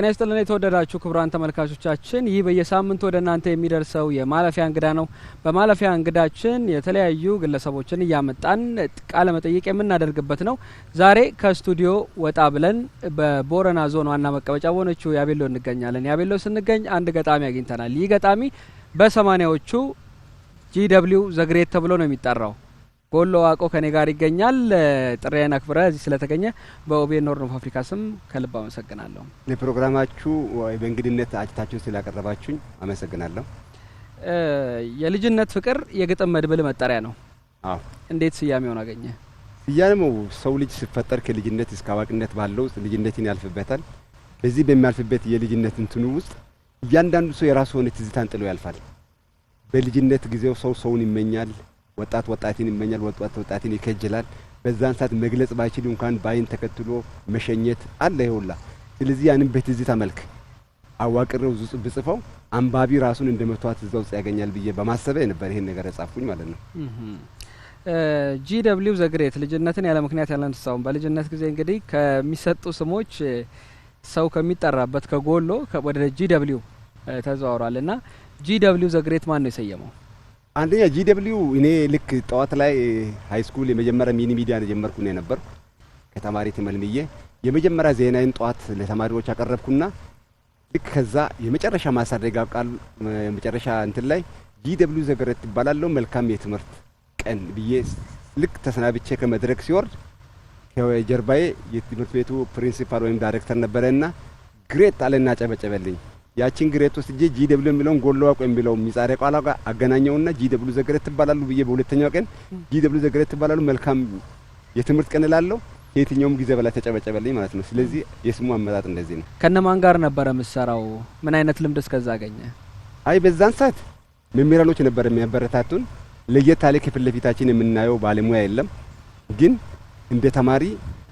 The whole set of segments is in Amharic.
ጤና ይስጥልን የተወደዳችሁ ክቡራን ተመልካቾቻችን፣ ይህ በየሳምንቱ ወደ እናንተ የሚደርሰው የማለፊያ እንግዳ ነው። በማለፊያ እንግዳችን የተለያዩ ግለሰቦችን እያመጣን ቃለ መጠይቅ የምናደርግበት ነው። ዛሬ ከስቱዲዮ ወጣ ብለን በቦረና ዞን ዋና መቀመጫ በሆነችው ያቤሎ እንገኛለን። ያቤሎ ስንገኝ አንድ ገጣሚ አግኝተናል። ይህ ገጣሚ በሰማኒያዎቹ ጂ ዘግሬት ተብሎ ነው የሚጠራው። ቦሎ ዋቆ ከኔ ጋር ይገኛል። ጥሬን አክብረ እዚህ ስለተገኘ በኦቤን ኖር ኦፍ አፍሪካ ስም ከልብ አመሰግናለሁ። ለፕሮግራማችሁ በእንግድነት አጭታችሁን ስላቀረባችሁኝ አመሰግናለሁ። የልጅነት ፍቅር የግጥም መድብል መጠሪያ ነው። አዎ፣ እንዴት ስያሜውን አገኘ? ስያሜው ሰው ልጅ ሲፈጠር ከልጅነት እስከ አዋቂነት ባለው ልጅነትን ያልፍበታል። በዚህ በሚያልፍበት የልጅነት እንትኑ ውስጥ እያንዳንዱ ሰው የራሱ የሆነ ትዝታን ጥሎ ያልፋል። በልጅነት ጊዜው ሰው ሰውን ይመኛል ወጣት ወጣትን ይመኛል፣ ወጣት ወጣትን ይከጅላል። በዛን ሰዓት መግለጽ ባይችል እንኳን በአይን ተከትሎ መሸኘት አለ ይሁላ። ስለዚህ ያንን በትዝታ መልክ አዋቅረው ብጽፈው አንባቢ ራሱን እንደ መቷት እዛ ውስጥ ያገኛል ብዬ በማሰበ ነበር ይሄን ነገር ያጻፍኩኝ ማለት ነው። ጂ ደብሊው ዘግሬት ልጅነትን ያለ ምክንያት ያላነሳውም። በልጅነት ጊዜ እንግዲህ ከሚሰጡ ስሞች ሰው ከሚጠራበት ከጎሎ ወደ ጂ ደብሊው ተዘዋውሯል እና ጂ ደብሊው ዘግሬት ማን ነው የሰየመው? አንደኛ ጂደብልዩ እኔ ልክ ጠዋት ላይ ሃይ ስኩል የመጀመሪያ ሚኒ ሚዲያ የጀመርኩ ነው የነበር ከተማሪ ተመልምዬ የመጀመሪያ ዜናዬን ጠዋት ለተማሪዎች አቀረብኩና ልክ ከዛ የመጨረሻ ማሳደግ ቃል የመጨረሻ እንትን ላይ ጂደብልዩ ዘገረት ይባላለው መልካም የትምህርት ቀን ብዬ ልክ ተሰናብቼ ከመድረክ ሲወርድ ከጀርባዬ የትምህርት ቤቱ ፕሪንሲፓል ወይም ዳይሬክተር ነበረና ግሬት አለና ጨበጨበልኝ። ያቺን ግሬት እጄ ጂ ደብሊው የሚለውን አቆ የሚለው ሚጻሬ ቃል ጋር አገናኘውና ጂ ደብሊው ዘግሬት ትባላሉ ብዬ በሁለተኛው ቀን ጂ ደብሊው ዘግሬት ትባላሉ መልካም የትምህርት ቀን ላለው የትኛውም ጊዜ በላይ ተጨበጨበልኝ ማለት ነው። ስለዚህ የስሙ አመጣጥ እንደዚህ ነው። ከነማን ጋር ነበረ የምትሰራው? ምን አይነት ልምድ እስከዛ አገኘ? አይ በዛን ሰዓት መምህራኖች ነበር የሚያበረታቱን። ለየት ያለ ከፊት ለፊታችን የምናየው ባለሙያ የለም፣ ግን እንደ ተማሪ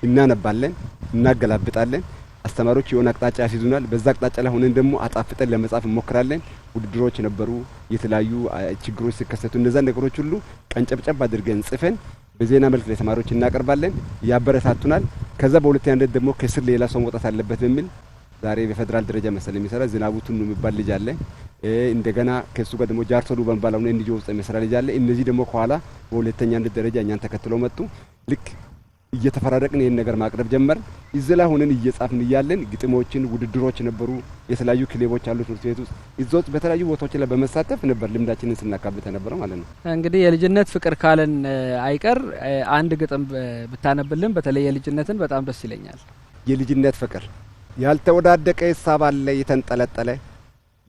እናነባለን፣ እናገላብጣለን አስተማሪዎች የሆነ አቅጣጫ ያስይዙናል። በዛ አቅጣጫ ላይ ሆነን ደግሞ አጣፍጠን ለመጻፍ እንሞክራለን። ውድድሮች ነበሩ፣ የተለያዩ ችግሮች ሲከሰቱ እነዛ ነገሮች ሁሉ ቀንጨብጨብ አድርገን ጽፈን በዜና መልክ ለተማሪዎች እናቀርባለን። ያበረታቱናል። ከዛ በሁለተኛ አንደት ደግሞ ከስር ሌላ ሰው መውጣት አለበት በሚል ዛሬ በፌዴራል ደረጃ መሰል የሚሰራ ዝናቡ ቱኑ የሚባል ልጅ አለ። እንደገና ከሱ ጋር ደግሞ ጃርሶሉ በንባላሁነ እንዲጆ ውስጥ የሚሰራ ልጅ አለ። እነዚህ ደግሞ ከኋላ በሁለተኛ አንደት ደረጃ እኛን ተከትለው መጡ ልክ እየተፈራረቅን ይህን ነገር ማቅረብ ጀመር። እዚ ላይ ሆነን እየጻፍን እያለን ግጥሞችን፣ ውድድሮች ነበሩ። የተለያዩ ክሌቦች አሉ ትምህርት ቤት ውስጥ ይዞት በተለያዩ ቦታዎች ላይ በመሳተፍ ነበር ልምዳችንን ስናካብተ ነበረው ማለት ነው። እንግዲህ የልጅነት ፍቅር ካለን አይቀር አንድ ግጥም ብታነብልን በተለይ የልጅነትን በጣም ደስ ይለኛል። የልጅነት ፍቅር ያልተወዳደቀ ሂሳብ አለ የተንጠለጠለ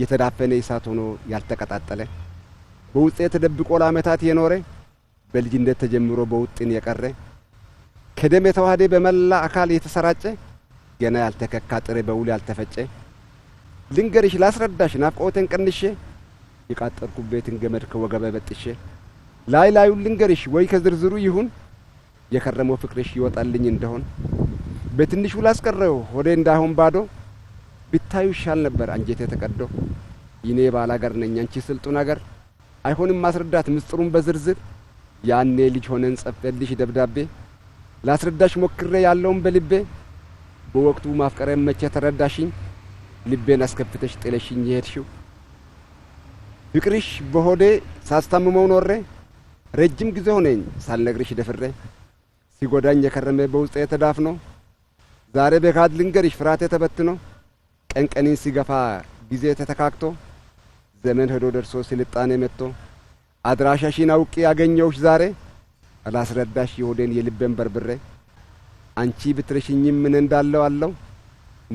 የተዳፈነ እሳት ሆኖ ያልተቀጣጠለ በውስጤ ተደብቆ ለዓመታት የኖረ በልጅነት ተጀምሮ በውጥን የቀረ ከደም የተዋህደ በመላ አካል የተሰራጨ ገና ያልተከካ ጥሬ በውል ያልተፈጨ ልንገርሽ ላስረዳሽ ናፍቆቴን ቀንሼ የቃጠርኩበትን ገመድ ከወገበ በጥሼ ላይ ላዩን ልንገርሽ ወይ ከዝርዝሩ ይሁን የከረመው ፍቅርሽ ይወጣልኝ እንደሆን በትንሹ ላስቀረው ሆዴ እንዳይሆን ባዶ ብታዩ ይሻል ነበር አንጀቴ ተቀዶ ይኔ ባላገር ነኝ አንቺ ስልጡ ነገር አይሆንም ማስረዳት ምስጢሩን በዝርዝር ያኔ ልጅ ሆነን ጸፈልሽ ደብዳቤ ላስረዳሽ ሞክሬ ያለውን በልቤ በወቅቱ ማፍቀረ መቼ ተረዳሽኝ ልቤን አስከፍተሽ ጥለሽኝ የሄድሽው ፍቅርሽ በሆዴ ሳስታምመው ኖሬ ረጅም ጊዜ ሆነኝ ሳልነግርሽ ደፍሬ ሲጎዳኝ የከረመ በውስጤ ተዳፍኖ ዛሬ በካድ ልንገርሽ ፍርሃቴ ተበትኖ ቀንቀኒን ሲገፋ ጊዜ ተተካክቶ ዘመን ሄዶ ደርሶ ስልጣኔ መጥቶ አድራሻሽን አውቄ ያገኘውሽ ዛሬ አላስረዳሽ የሆዴን የልቤን በርብሬ አንቺ ብትረሽኝም ምን እንዳለው አለው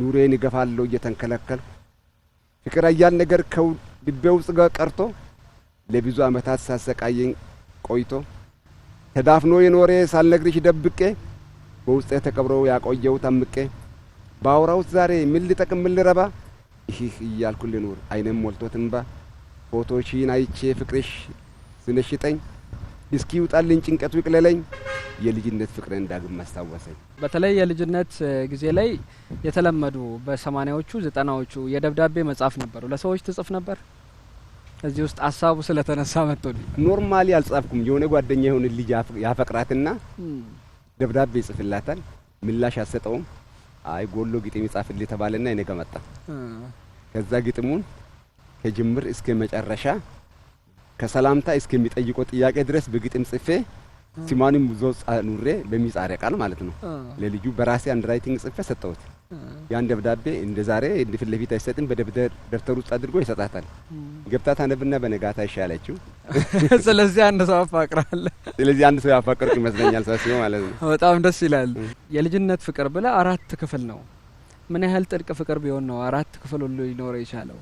ኑሬን እገፋለሁ እየተንከለከልኩ ፍቅር አያል ነገር ከው ልቤ ውስጥ ጋር ቀርቶ ለብዙ ዓመታት ሳሰቃየኝ ቆይቶ ተዳፍኖ የኖሬ ሳልነግርሽ ደብቄ በውስጤ ተቀብሮ ያቆየው ታምቄ ውስጥ ዛሬ ምን ልጠቅም ምን ልረባ ይህ እያልኩ ልኑር አይነም ሞልቶ ትንባ! ፎቶሽን አይቼ ፍቅርሽ ስነሽጠኝ እስኪ ይውጣልኝ ጭንቀቱ ይቅለለኝ፣ የልጅነት ፍቅርን ዳግም አስታወሰኝ። በተለይ የልጅነት ጊዜ ላይ የተለመዱ በሰማኒያዎቹ ዘጠናዎቹ የደብዳቤ መጻፍ ነበሩ። ለሰዎች ትጽፍ ነበር? እዚህ ውስጥ ሀሳቡ ስለተነሳ መጥቶልኝ ኖርማሊ አልጻፍኩም። የሆነ ጓደኛ የሆነ ልጅ ያፈቅራትና ደብዳቤ ይጽፍላታል፣ ምላሽ አሰጠውም። አይ ጎሎ ግጥም ይጻፍልህ የተባለና የነገ መጣ። ከዛ ግጥሙን ከጅምር እስከ መጨረሻ ከሰላምታ እስከሚጠይቀው ጥያቄ ድረስ በግጥም ጽፌ ሲማኒም ዞ ኑሬ በሚጻሪያ ቃል ማለት ነው ለልጁ በራሴ አንድ ራይቲንግ ጽፌ ሰጠሁት። ያን ደብዳቤ እንደ ዛሬ እንደ ፊት ለፊት አይሰጥም። በደብተር ውስጥ አድርጎ ይሰጣታል። ገብታ ታነብና በነጋታ ይሻለችው። ስለዚህ አንድ ሰው አፋቅራለ። ስለዚህ አንድ ሰው ያፋቅርኩ ይመስለኛል ሳስበው ማለት ነው። በጣም ደስ ይላል። የልጅነት ፍቅር ብለ አራት ክፍል ነው። ምን ያህል ጥልቅ ፍቅር ቢሆን ነው አራት ክፍል ሁሉ ሊኖረው የቻለው?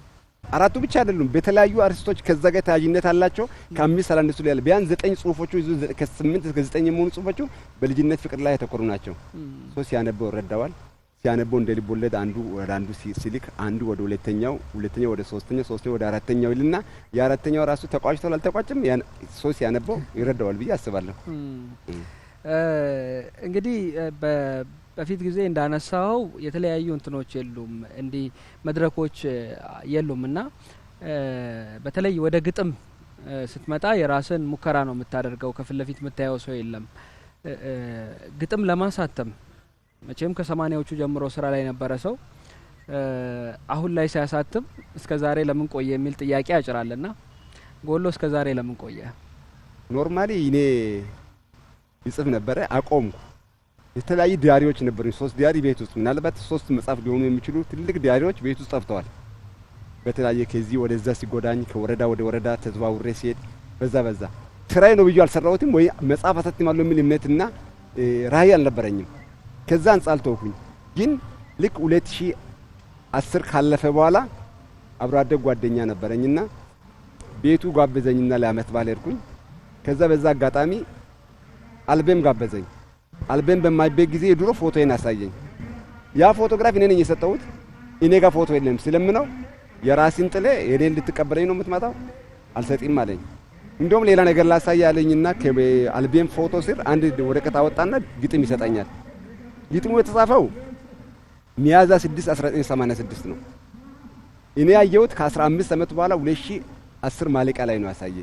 አራቱ ብቻ አይደሉም። በተለያዩ አርቲስቶች ከዛ ጋር ተያያዥነት አላቸው። ከአምስት አላነሱ ያለ ቢያንስ ዘጠኝ ጽሁፎቹ ይዞ ከስምንት እስከ ዘጠኝ የሚሆኑ ጽሁፎቹ በልጅነት ፍቅር ላይ ያተኮሩ ናቸው። ሶ ሲያነበው ረዳዋል ሲያነበው እንደ ልቦለድ አንዱ ወደ አንዱ ሲልክ አንዱ ወደ ሁለተኛው፣ ሁለተኛው ወደ ሶስተኛው፣ ሶስተኛው ወደ አራተኛው ይልና የአራተኛው ራሱ ተቋጭቷል አልተቋጭም። ሶ ሲያነበው ይረዳዋል ብዬ አስባለሁ። እንግዲህ በፊት ጊዜ እንዳነሳው የተለያዩ እንትኖች የሉም እንዲህ መድረኮች የሉም እና በተለይ ወደ ግጥም ስትመጣ የራስን ሙከራ ነው የምታደርገው። ከፊት ለፊት የምታየው ሰው የለም። ግጥም ለማሳተም መቼም ከሰማኒያዎቹ ጀምሮ ስራ ላይ ነበረ ሰው አሁን ላይ ሲያሳትም እስከ ዛሬ ለምን ቆየ የሚል ጥያቄ ና ጎሎ እስከ ዛሬ ለምን ቆየ? ኖርማሊ እኔ ይጽፍ ነበረ አቆምኩ። የተለያዩ ዲያሪዎች ነበሩ። ሶስት ዲያሪ ቤት ውስጥ ምናልባት ሶስት መጽሐፍ ሊሆኑ የሚችሉ ትልቅ ዲያሪዎች ቤት ውስጥ ጠፍተዋል። በተለያየ ከዚህ ወደዛ ሲጎዳኝ ከወረዳ ወደ ወረዳ ተዘዋውሬ ሲሄድ በዛ በዛ ስራዬ ነው ብዬ አልሰራሁትም ወይ መጽሐፍ አሳትማለሁ የሚል እምነትና ራዕይ አልነበረኝም። ከዛ አንጻር ተውኩኝ። ግን ልክ 2010 ካለፈ በኋላ አብሮ አደግ ጓደኛ ነበረኝና ቤቱ ጋበዘኝና ለአመት ባል ሄድኩኝ። ከዛ በዛ አጋጣሚ አልበም ጋበዘኝ። አልበን በማይበት ጊዜ የድሮ ፎቶዬን አሳየኝ። ያ ፎቶግራፍ እኔ ነኝ የሰጠሁት። እኔ ጋር ፎቶ የለም ስለምነው የራሴን ጥሌ እኔን ልትቀበለኝ ነው የምትመጣው? አልሰጢም አለኝ። እንዲሁም ሌላ ነገር ላሳይ አለኝና አልቤም ፎቶ ስር አንድ ወረቀት አወጣና ግጥም ይሰጠኛል። ግጥሙ የተጻፈው ሚያዝያ 6 1986 ነው። እኔ ያየሁት ከ15 ዓመት በኋላ 2010 ማለቂያ ላይ ነው ያሳየ።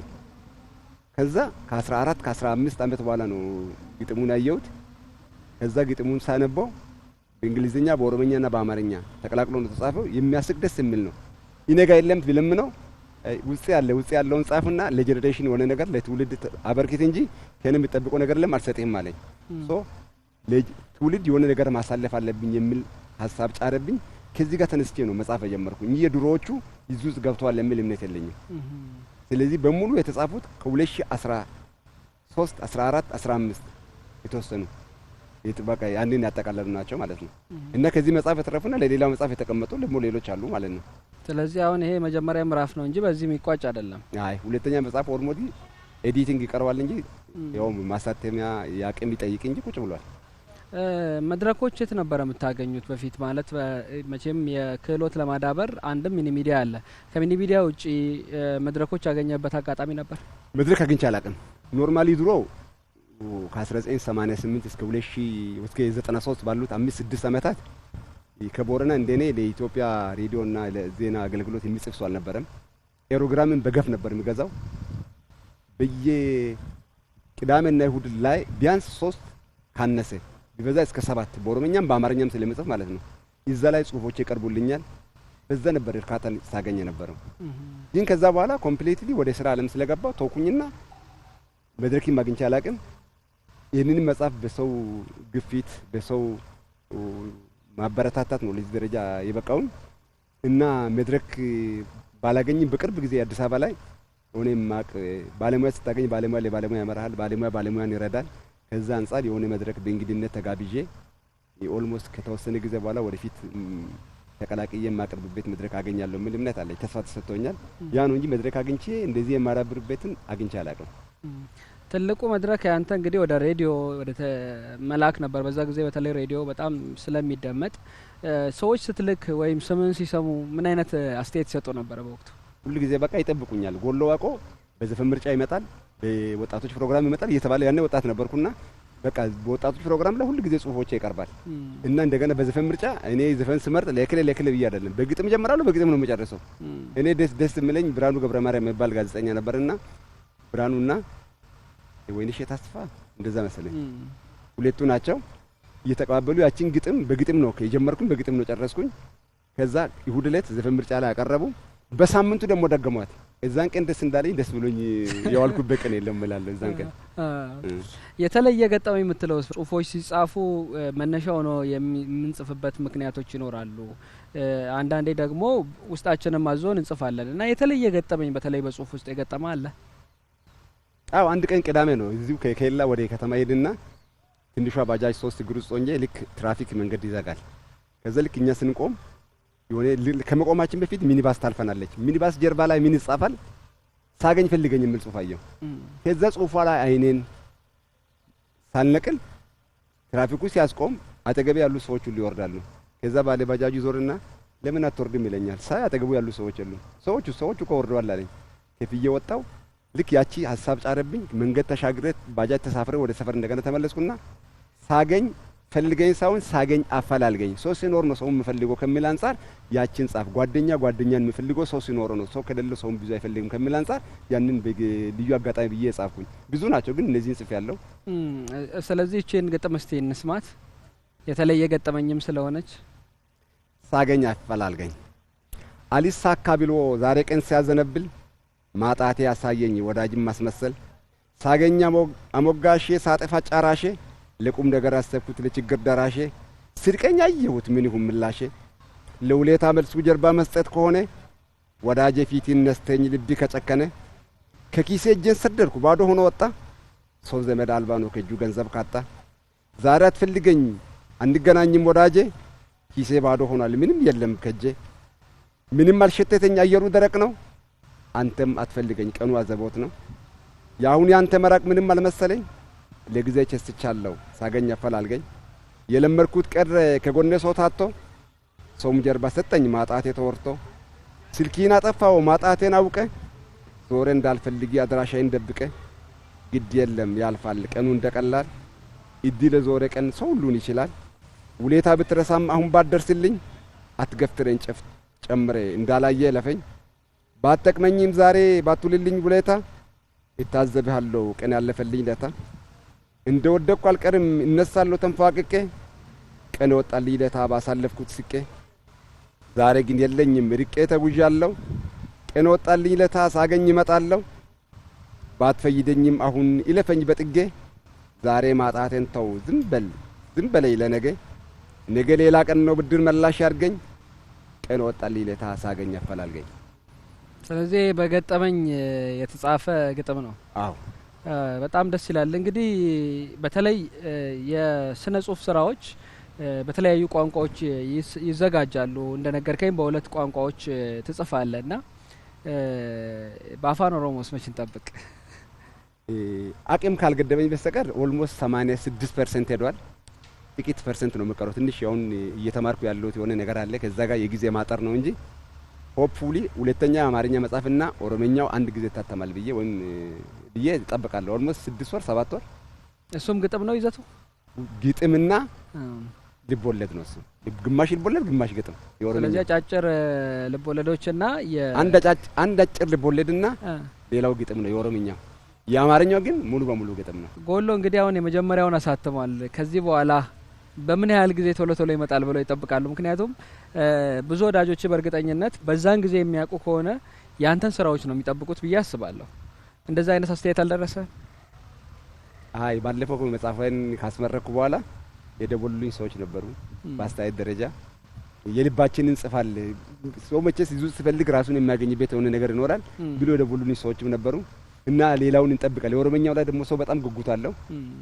ከዛ ከ14 ከ15 ዓመት በኋላ ነው ግጥሙን ያየሁት። ከዛ ግጥሙን ሳነበው በእንግሊዝኛ በኦሮምኛና በአማርኛ ተቀላቅሎ ነው ተጻፈው። የሚያስቅ ደስ የሚል ነው። ይነጋ የለም ነው ውስጥ ያለ ውስጥ ያለውን ጻፍና ለጀኔሬሽን የሆነ ነገር ለትውልድ አበርክት እንጂ ከኔ የምጠብቀው ነገር ለም አልሰጥህም አለኝ። ሶ ትውልድ የሆነ ነገር ማሳለፍ አለብኝ የሚል ሀሳብ ጫረብኝ። ከዚህ ጋር ተነስቼ ነው መጻፍ የጀመርኩ እንጂ የድሮዎቹ ይዙ ውስጥ ገብተዋል የሚል እምነት የለኝም። ስለዚህ በሙሉ የተጻፉት ከ2013 14 15 የተወሰኑ በቃ ያንን ያጠቃለሉ ናቸው ማለት ነው። እና ከዚህ መጽሐፍ የተረፉና ለሌላው መጽሐፍ የተቀመጡ ደግሞ ሌሎች አሉ ማለት ነው። ስለዚህ አሁን ይሄ መጀመሪያ ምዕራፍ ነው እንጂ በዚህ የሚቋጭ አይደለም። አይ ሁለተኛ መጽሐፍ ኦልሞዲ ኤዲቲንግ ይቀርባል እንጂ ያው ማሳተሚያ ያቅም ይጠይቅ እንጂ ቁጭ ብሏል። መድረኮች የት ነበረ የምታገኙት? በፊት ማለት መቼም የክህሎት ለማዳበር አንድም ሚኒ ሚዲያ አለ። ከሚኒ ሚዲያ ውጪ መድረኮች ያገኘበት አጋጣሚ ነበር? መድረክ አግኝቼ አላቅም። ኖርማሊ ድሮ ከ1988 እስከ 2093 ባሉት አምስት ስድስት ዓመታት ከቦረና እንደኔ ለኢትዮጵያ ሬዲዮና ለዜና አገልግሎት የሚጽፍ ሰው አልነበረም። ኤሮግራምን በገፍ ነበር የሚገዛው። በየቅዳሜና እሁድ ላይ ቢያንስ ሶስት ካነሰ ቢበዛ እስከ ሰባት በኦሮምኛም በአማርኛም ስለምጽፍ ማለት ነው እዛ ላይ ጽሁፎች ይቀርቡልኛል። በዛ ነበር እርካታ ሳገኘ ነበረው። ግን ከዛ በኋላ ኮምፕሌትሊ ወደ ስራ አለም ስለገባው ተውኩኝና መድረክም አግኝቼ አላቅም። ይህንን መጽሐፍ በሰው ግፊት በሰው ማበረታታት ነው ለዚህ ደረጃ የበቃውን እና መድረክ ባላገኝም በቅርብ ጊዜ አዲስ አበባ ላይ የሆነ ማቅ ባለሙያ ስታገኝ ባለሙያ ለባለሙያ ያመራሃል፣ ባለሙያ ባለሙያን ይረዳል። ከዛ አንጻር የሆነ መድረክ በእንግድነት ተጋብዤ ኦልሞስት ከተወሰነ ጊዜ በኋላ ወደፊት ተቀላቅዬ የማቀርብበት መድረክ አገኛለሁ የሚል እምነት አለኝ። ተስፋ ተሰጥቶኛል። ያ ነው እንጂ መድረክ አግኝቼ እንደዚህ የማራብርበትን አግኝቼ አላቅም። ትልቁ መድረክ ያንተ እንግዲህ ወደ ሬዲዮ ወደ መላክ ነበር። በዛ ጊዜ በተለይ ሬዲዮ በጣም ስለሚደመጥ ሰዎች ስትልክ ወይም ስምን ሲሰሙ ምን አይነት አስተያየት ይሰጡ ነበረ? በወቅቱ ሁሉ ጊዜ በቃ ይጠብቁኛል። ጎሎ ዋቆ በዘፈን ምርጫ ይመጣል፣ በወጣቶች ፕሮግራም ይመጣል እየተባለ ያኔ ወጣት ነበርኩና በቃ በወጣቶች ፕሮግራም ላይ ሁሉ ጊዜ ጽሁፎቼ ይቀርባል እና እንደገና በዘፈን ምርጫ እኔ ዘፈን ስመርጥ ለክሌ ለክሌ ብዬ አይደለም፣ በግጥም ጀምራለሁ፣ በግጥም ነው የምጨርሰው። እኔ ደስ ደስ የምለኝ ብርሃኑ ገብረ ማርያም የሚባል ጋዜጠኛ ነበርና ብርሃኑና ወይንሸት አስፋ እንደዛ መሰለኝ ሁለቱ ናቸው እየተቀባበሉ ያችን ግጥም በግጥም ነው የጀመርኩኝ፣ በግጥም ነው ጨረስኩኝ። ከዛ ይሁድ ዕለት ዘፈን ምርጫ ላይ ያቀረቡ፣ በሳምንቱ ደግሞ ደገሟት። እዛን ቀን ደስ እንዳለኝ ደስ ብሎኝ የዋልኩበት ቀን የለም እላለሁ። እዛን ቀን የተለየ ገጠመ የምትለው ጽሁፎች ሲጻፉ መነሻ ሆኖ የምንጽፍበት ምክንያቶች ይኖራሉ። አንዳንዴ ደግሞ ውስጣችንም አዞን እንጽፋለን እና የተለየ ገጠመኝ በተለይ በጽሁፍ ውስጥ የገጠመ አለ? አዎ አንድ ቀን ቅዳሜ ነው እዚሁ ከኬላ ወደ ከተማ ሄድና ትንሿ ባጃጅ ሶስት እግር ውስጥ ሆኜ ልክ ትራፊክ መንገድ ይዘጋል። ከዛ ልክ እኛ ስንቆም የሆነ ከመቆማችን በፊት ሚኒባስ ታልፈናለች። ሚኒባስ ጀርባ ላይ ምን ይጻፋል? ሳገኝ ፈልገኝ የሚል ጽሁፍ አየሁ። ከዛ ጽሁፏ ላይ አይኔን ሳልነቅል ትራፊኩ ሲያስቆም አጠገቤ ያሉ ሰዎች ሁሉ ይወርዳሉ። ከዛ ባለ ባጃጁ ዞርና ለምን አትወርድም ይለኛል። ሳይ አጠገቡ ያሉ ሰዎች የሉም። ሰዎቹ ሰዎቹ ከወርደዋል አለኝ። ከፍዬ ወጣው ልክ ያቺ ሀሳብ ጫረብኝ። መንገድ ተሻግረት ባጃጅ ተሳፍረ ወደ ሰፈር እንደገና ተመለስኩና ሳገኝ ፈልገኝ ሳይሆን ሳገኝ አፈላልገኝ። ሰው ሲኖር ነው ሰው የምፈልገው ከሚል አንጻር ያችን ጻፍ። ጓደኛ ጓደኛን የምፈልገው ሰው ሲኖር ነው። ሰው ከሌለ ሰውን ብዙ አይፈልግም ከሚል አንጻር ያንን ልዩ አጋጣሚ ብዬ የጻፍኩኝ ብዙ ናቸው፣ ግን እነዚህን ጽፍ ያለው። ስለዚህ እቺን ገጠመ እስቲ እንስማት፣ የተለየ ገጠመኝም ስለሆነች። ሳገኝ አፈላልገኝ አሊሳካ ብሎ ዛሬ ቀን ሲያዘነብል ማጣቴ ያሳየኝ ወዳጅም ማስመሰል ሳገኝ አሞጋሼ ሳጠፋ ጫራሼ ለቁም ነገር አሰብኩት ለችግር ደራሼ ስድቀኝ አየሁት ምን ይሁን ምላሼ ለውሌታ መልሱ ጀርባ መስጠት ከሆነ ወዳጄ ፊት ነስተኝ ልብ ከጨከነ ከኪሴ እጄን ሰደድኩ ባዶ ሆኖ ወጣ ሰው ዘመድ አልባ ነው ከእጁ ገንዘብ ካጣ ዛሬ አትፈልገኝ አንገናኝም ወዳጄ ኪሴ ባዶ ሆኗል ምንም የለም ከጄ ምንም አልሸተተኝ አየሩ ደረቅ ነው አንተም አትፈልገኝ፣ ቀኑ አዘቦት ነው። የአሁን የአንተ መራቅ ምንም አልመሰለኝ። ለጊዜ ቸስቻለሁ፣ ሳገኝ አፈላልገኝ። የለመድኩት ቀረ ከጎነ ሰው ታቶ፣ ሰውም ጀርባ ሰጠኝ ማጣቴ ተወርቶ። ስልኪን አጠፋው ማጣቴን አውቀ፣ ዞሬ እንዳልፈልጊ አድራሻይን ደብቀ። ግድ የለም ያልፋል ቀኑ እንደቀላል፣ እዲ ለዞሬ ቀን ሰው ሁሉን ይችላል። ውሌታ ብትረሳም አሁን ባደርስልኝ፣ አትገፍትረኝ ጨምሬ እንዳላየ ለፈኝ ባጠቅመኝም ዛሬ ባትውልልኝ ውለታ እታዘብሃለሁ ቀን ያለፈልኝ ለታ እንደ ወደቅኩ አልቀርም እነሳለሁ ተንፏቅቄ ቀን ወጣልኝ ለታ ባሳለፍኩት ስቄ ዛሬ ግን የለኝም ርቄ ተጉዣለሁ ቀን ወጣልኝ ለታ ሳገኝ እመጣለሁ ባትፈይደኝም አሁን ይለፈኝ በጥጌ ዛሬ ማጣቴን ተው ዝም በል ዝም ለነገ ነገ ሌላ ቀን ነው ብድር መላሽ ያርገኝ ቀን ወጣልኝ ለታ ሳገኝ አፈላልገኝ ስለዚህ በገጠመኝ የተጻፈ ግጥም ነው። አዎ በጣም ደስ ይላል። እንግዲህ በተለይ የስነ ጽሁፍ ስራዎች በተለያዩ ቋንቋዎች ይዘጋጃሉ። እንደ ነገርከኝ በሁለት ቋንቋዎች ትጽፋለ እና በአፋን ኦሮሞስ መች እንጠብቅ? አቅም ካልገደበኝ በስተቀር ኦልሞስት 86 ፐርሰንት ሄዷል። ጥቂት ፐርሰንት ነው የምቀረው። ትንሽ ያሁን እየተማርኩ ያለሁት የሆነ ነገር አለ። ከዛ ጋር የጊዜ ማጠር ነው እንጂ ሆፕፉሊ ሁለተኛ አማርኛ መጽሐፍና ኦሮምኛው አንድ ጊዜ ይታተማል ብዬ ወይም ብዬ እጠብቃለሁ። ኦልሞስት ስድስት ወር ሰባት ወር። እሱም ግጥም ነው ይዘቱ ግጥምና ልቦለድ ነው። እሱ ግማሽ ልቦለድ ግማሽ ግጥም። ስለዚህ አጫጭር ልቦለዶችና አንድ አጭር ልቦለድና ሌላው ግጥም ነው የኦሮምኛው። የአማርኛው ግን ሙሉ በሙሉ ግጥም ነው። ጎሎ እንግዲህ አሁን የመጀመሪያውን አሳትሟል። ከዚህ በኋላ በምን ያህል ጊዜ ቶሎ ቶሎ ይመጣል ብለው ይጠብቃሉ? ምክንያቱም ብዙ ወዳጆች በእርግጠኝነት በዛን ጊዜ የሚያውቁ ከሆነ ያንተን ስራዎች ነው የሚጠብቁት ብዬ አስባለሁ። እንደዛ አይነት አስተያየት አልደረሰ? አይ ባለፈው መጽሐፍን ካስመረኩ በኋላ የደወሉልኝ ሰዎች ነበሩ። በአስተያየት ደረጃ የልባችንን እንጽፋል ሰው መቼስ ይዙ ሲፈልግ ራሱን የሚያገኝበት የሆነ ነገር ይኖራል ብሎ የደወሉልኝ ሰዎችም ነበሩ እና ሌላውን እንጠብቃል። የኦሮመኛው ላይ ደግሞ ሰው በጣም ጉጉት አለው።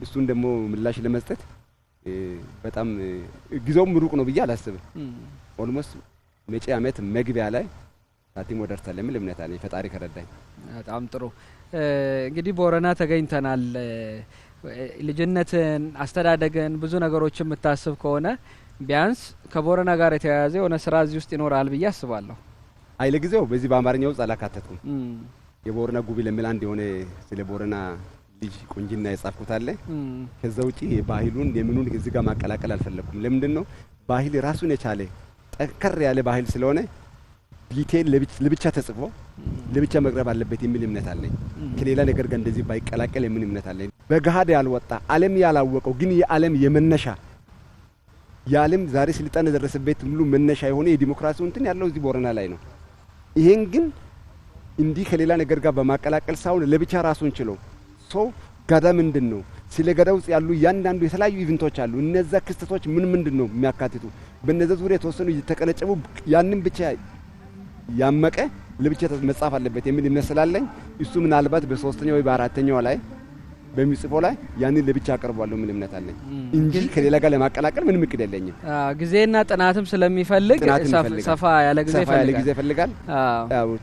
እሱን ደግሞ ምላሽ ለመስጠት በጣም ጊዜውም ሩቅ ነው ብዬ አላስብም። ኦልሞስት መጪ ዓመት መግቢያ ላይ ታቲሞ ደርሳል የሚል እምነት አለኝ ፈጣሪ ከረዳኝ። በጣም ጥሩ እንግዲህ ቦረና ተገኝተናል። ልጅነትን፣ አስተዳደግን ብዙ ነገሮች የምታስብ ከሆነ ቢያንስ ከቦረና ጋር የተያያዘ የሆነ ስራ እዚህ ውስጥ ይኖራል ብዬ አስባለሁ። አይ ለጊዜው በዚህ በአማርኛው ውስጥ አላካተትኩም። የቦረና ጉቢ ለሚል አንድ የሆነ ስለ ቦረና ልጅ ቁንጅና የጻፍኩት አለ። ከዛ ውጪ ባህሉን የምኑን እዚህ ጋር ማቀላቀል አልፈለግኩም። ለምንድን ነው ባህል ራሱን የቻለ ጠንከር ያለ ባህል ስለሆነ ዲቴል ለብቻ ተጽፎ ለብቻ መቅረብ አለበት የሚል እምነት አለኝ። ከሌላ ነገር ጋር እንደዚህ ባይቀላቀል የሚል እምነት አለኝ። በገሃድ ያልወጣ ዓለም ያላወቀው ግን የዓለም የመነሻ የዓለም ዛሬ ስልጣን የደረሰበት ሁሉ መነሻ የሆነ የዲሞክራሲው እንትን ያለው እዚህ ቦረና ላይ ነው። ይሄን ግን እንዲህ ከሌላ ነገር ጋር በማቀላቀል ሳይሆን ለብቻ ራሱን ችለው ሰው ጋዳ ምንድን ነው ስለ ውስጥ ያሉ እያንዳንዱ የተለያዩ ኢቨንቶች አሉ። እነዛ ክስተቶች ምን ምንድን ነው የሚያካትቱ በነዚ ዙሪያ የተወሰኑ እየተቀነጨቡ ያንን ብቻ ያመቀ ለብቻ መጻፍ አለበት የሚል ይመስላለኝ። እሱ ምናልባት በሶስተኛው ወይ በአራተኛው ላይ በሚጽፎ ላይ ያንን ለብቻ አቀርቧለሁ ምን እምነት አለኝ እንጂ ከሌላ ጋር ለማቀላቀል ምንም እቅድ የለኝም። ጊዜና ጥናትም ስለሚፈልግ ሰፋ ያለ ጊዜ ይፈልጋል።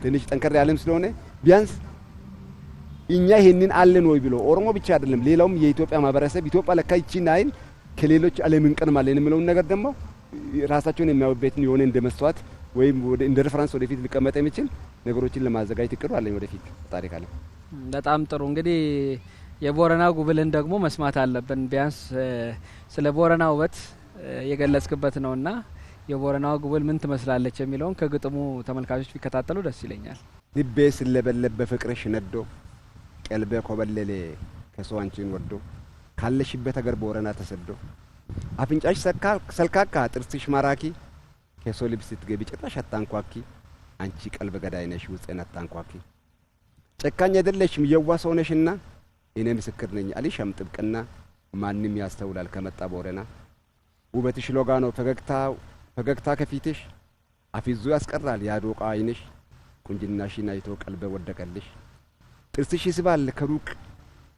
ትንሽ ጠንከር ያለም ስለሆነ ቢያንስ እኛ ይሄንን አለን ወይ ብሎ ኦሮሞ ብቻ አይደለም ሌላውም የኢትዮጵያ ማህበረሰብ ኢትዮጵያ ለካ ይቺን አይን ከሌሎች ዓለም እንቀድማለን የሚለውን ነገር ደግሞ ራሳቸውን የሚያዩበትን የሆነ እንደ መስተዋት ወይም እንደ ሬፈረንስ ወደፊት ሊቀመጥ የሚችል ነገሮችን ለማዘጋጀት እቅዱ አለኝ። ወደፊት ታሪክ አለ። በጣም ጥሩ እንግዲህ የቦረና ጉብልን ደግሞ መስማት አለብን። ቢያንስ ስለ ቦረና ውበት የገለጽክበት ነውና የቦረና ጉብል ምን ትመስላለች የሚለውን ከግጥሙ ተመልካቾች ቢከታተሉ ደስ ይለኛል። ልቤ ስለበለበ ፍቅርሽ ነዶ ቀልቤ ኮበለሌ ከሰው አንቺን ወዶ ካለሽበት ሀገር ቦረና ተሰዶ አፍንጫሽ ሰልካካ ጥርስሽ ማራኪ ከሰው ልብስ ስትገቢ ጭራሽ አታንኳኪ አንቺ ቀልብ ገዳይ ነሽ ውስጤን አታንኳኪ ጨካኝ አይደለሽም የዋ ሰው ነሽና እኔ ምስክር ነኝ አልሻም ጥብቅና ማንም ያስተውላል ከመጣ ቦረና ውበትሽ ሎጋ ነው ፈገግታ ከፊትሽ አፊዙ ያስቀራል ያዶቃ አይንሽ ቁንጅናሽን አይቶ ቀልበ ወደቀልሽ ጥርስሽ ይስባል ከሩቅ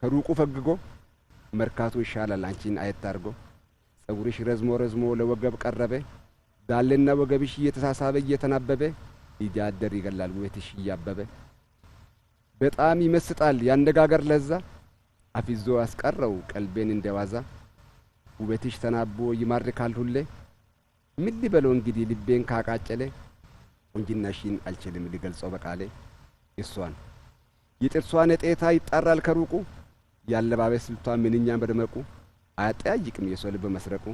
ከሩቁ ፈግጎ መርካቶ ይሻላል አንቺን አየት አድርጎ ጸጉርሽ ረዝሞ ረዝሞ ለወገብ ቀረበ ዳሌና ወገብሽ እየተሳሳበ እየተናበበ ይጃደር ይገላል ውበትሽ እያበበ በጣም ይመስጣል ያነጋገር ለዛ አፊዞ አስቀረው ቀልቤን እንደዋዛ ውበትሽ ተናቦ ይማርካል ሁሌ ምን ሊበለው እንግዲህ ልቤን ካቃጨለ ቁንጅናሽን አልችልም ልገልጸው በቃሌ እሷን የጥርሷ ነጤታ ይጣራል ከሩቁ ያለባበስ ስልቷ ምንኛ በደመቁ አያጠያይቅም የሰው ልብ መስረቁ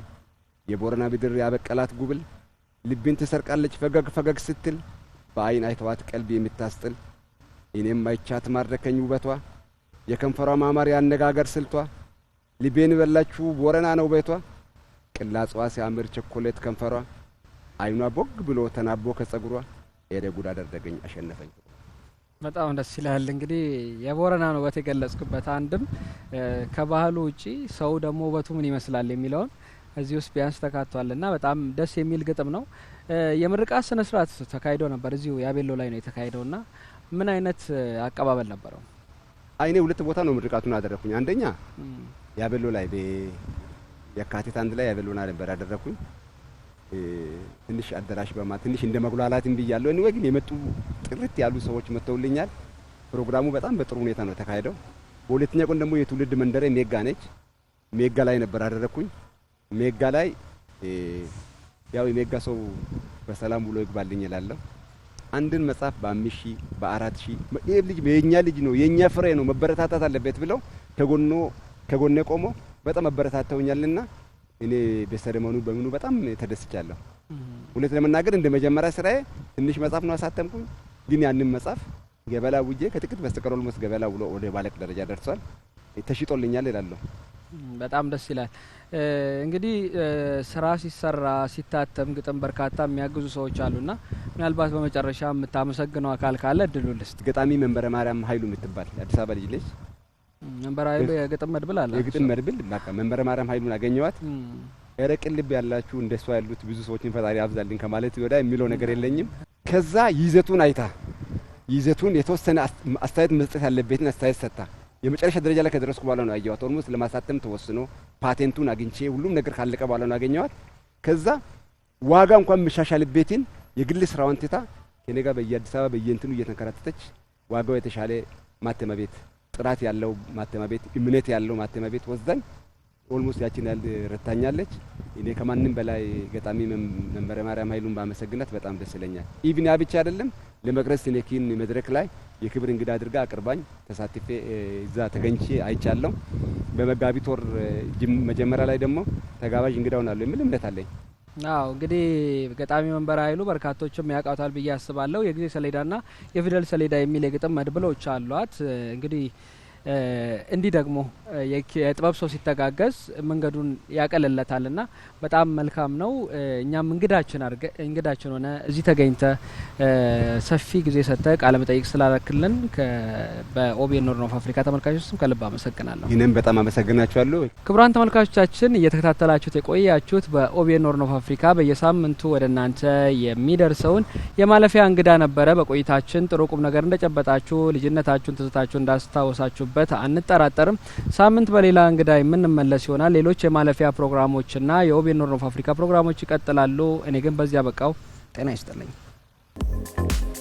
የቦረና ብድር ያበቀላት ጉብል ልብን ትሰርቃለች ፈገግ ፈገግ ስትል በአይን አይተዋት ቀልብ የምታስጥል እኔም አይቻት ማረከኝ ውበቷ የከንፈሯ ማማር ያነጋገር ስልቷ ልቤን በላችሁ ቦረና ነው ቤቷ ቅላጽዋ ሲያምር ቸኮሌት ከንፈሯ አይኗ ቦግ ብሎ ተናቦ ከጸጉሯ ኤደጉድ አደረገኝ አሸነፈኝ በጣም ደስ ይላል። እንግዲህ የቦረናን ውበት የገለጽክበት አንድም ከባህሉ ውጪ ሰው ደግሞ ውበቱ ምን ይመስላል የሚለውን እዚህ ውስጥ ቢያንስ ተካቷል እና በጣም ደስ የሚል ግጥም ነው። የምርቃት ስነ ስርዓት ተካሂዶ ነበር፣ እዚሁ ያቤሎ ላይ ነው የተካሄደው እና ምን አይነት አቀባበል ነበረው? አይኔ ሁለት ቦታ ነው ምርቃቱን አደረግኩኝ። አንደኛ ያቤሎ ላይ የካቲት አንድ ላይ ያቤሎና ነበር ያደረኩኝ ትንሽ አዳራሽ በማ ትንሽ እንደ መጉላላትም ብያለሁ። እኔ ግን የመጡ ጥርት ያሉ ሰዎች መጥተውልኛል። ፕሮግራሙ በጣም በጥሩ ሁኔታ ነው የተካሄደው። በሁለተኛ ቀን ደግሞ የትውልድ መንደሬ ሜጋ ነች። ሜጋ ላይ ነበር አደረግኩኝ። ሜጋ ላይ ያው የሜጋ ሰው በሰላም ብሎ ይግባልኝ እላለሁ። አንድን መጽሐፍ በአምስት ሺ በአራት ሺ ይህ ልጅ የእኛ ልጅ ነው የእኛ ፍሬ ነው መበረታታት አለበት ብለው ከጎኖ ከጎኔ ቆሞ በጣም መበረታተውኛልና እኔ በሰረመኑ በምኑ በጣም ተደስቻለሁ። ሁለት ለመናገር እንደ መጀመሪያ ስራዬ ትንሽ መጽሐፍ ነው አሳተምኩኝ። ግን ያንን መጽሐፍ ገበላ ውጄ ከጥቂት በስተቀር ኦልሞስት ገበላ ውሎ ወደ ባለቅ ደረጃ ደርሷል። ተሽጦልኛል ይላለሁ። በጣም ደስ ይላል። እንግዲህ ስራ ሲሰራ ሲታተም ግጥም በርካታ የሚያግዙ ሰዎች አሉና ምናልባት በመጨረሻ የምታመሰግነው አካል ካለ እድሉ ልስጥ። ገጣሚ መንበረ ማርያም ሀይሉ የምትባል አዲስ አበባ ልጅ ልጅ መንበረ ኃይሉ የግጥም መድብል አለ። የግጥም መድብል በቃ መንበረ ማርያም ኃይሉን አገኘዋት። ረቅን ልብ ያላችሁ እንደሷ ያሉት ብዙ ሰዎችን ፈጣሪ ያብዛልኝ ከማለት ወዲያ የሚለው ነገር የለኝም። ከዛ ይዘቱን አይታ ይዘቱን የተወሰነ አስተያየት መስጠት ያለበትን አስተያየት ሰጥታ የመጨረሻ ደረጃ ላይ ከደረስኩ በኋላ ነው ያየዋት። ኦልሞስት ለማሳተም ተወስኖ ፓቴንቱን አግኝቼ ሁሉም ነገር ካለቀ በኋላ ነው ያገኘዋት። ከዛ ዋጋ እንኳን መሻሻልበትን የግል ስራዋን ትታ ከኔ ጋር በየአዲስ አበባ በየእንትኑ እየተንከራተተች ዋጋው የተሻለ ማተሚያ ቤት ጥራት ያለው ማተሚያ ቤት፣ እምነት ያለው ማተሚያ ቤት ወስደን ኦልሞስት ያችን ያህል ረታኛለች። እኔ ከማንም በላይ ገጣሚ መንበረ ማርያም ኃይሉን ባመሰግናት በጣም ደስ ይለኛል። ኢቭን ያ ብቻ አይደለም፣ ለመቅረስ ኪን መድረክ ላይ የክብር እንግዳ አድርጋ አቅርባኝ ተሳትፌ እዛ ተገኝቼ አይቻለሁ። በመጋቢት ወር መጀመሪያ ላይ ደግሞ ተጋባዥ እንግዳ ሆናለሁ የሚል እምነት አለኝ። አዎ እንግዲህ ገጣሚ መንበረ ኃይሉ በርካቶችም ያውቃታል ብዬ አስባለሁ። የጊዜ ሰሌዳና የፊደል ሰሌዳ የሚል የግጥም መድብሎች አሏት እንግዲህ እንዲህ ደግሞ የጥበብ ሰው ሲተጋገዝ መንገዱን ያቀልለታል ና በጣም መልካም ነው። እኛም እንግዳችን አድርገ እንግዳችን ሆነ እዚህ ተገኝተ ሰፊ ጊዜ ሰጥተ ቃለ መጠይቅ ስላረክልን በኦቤን ኖርን ኦፍ አፍሪካ ተመልካቾች ስም ከልብ አመሰግናለሁ። ይህንም በጣም አመሰግናችኋለሁ። ክቡራን ተመልካቾቻችን እየተከታተላችሁት የቆያችሁት በኦቤን ኖርን ኦፍ አፍሪካ በየሳምንቱ ወደ እናንተ የሚደርሰውን የማለፊያ እንግዳ ነበረ። በቆይታችን ጥሩ ቁም ነገር እንደጨበጣችሁ፣ ልጅነታችሁን ትዝታችሁ እንዳስታወሳችሁ እንደሚገኙበት አንጠራጠርም። ሳምንት በሌላ እንግዳ የምንመለስ ይሆናል። ሌሎች የማለፊያ ፕሮግራሞችና የኦቤን ሆርን ኦፍ አፍሪካ ፕሮግራሞች ይቀጥላሉ። እኔ ግን በዚያ በቃው። ጤና ይስጥልኝ።